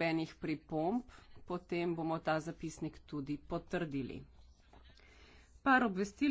nobenih pripomb, potem bomo ta zapisnik tudi potrdili. Par obvestil.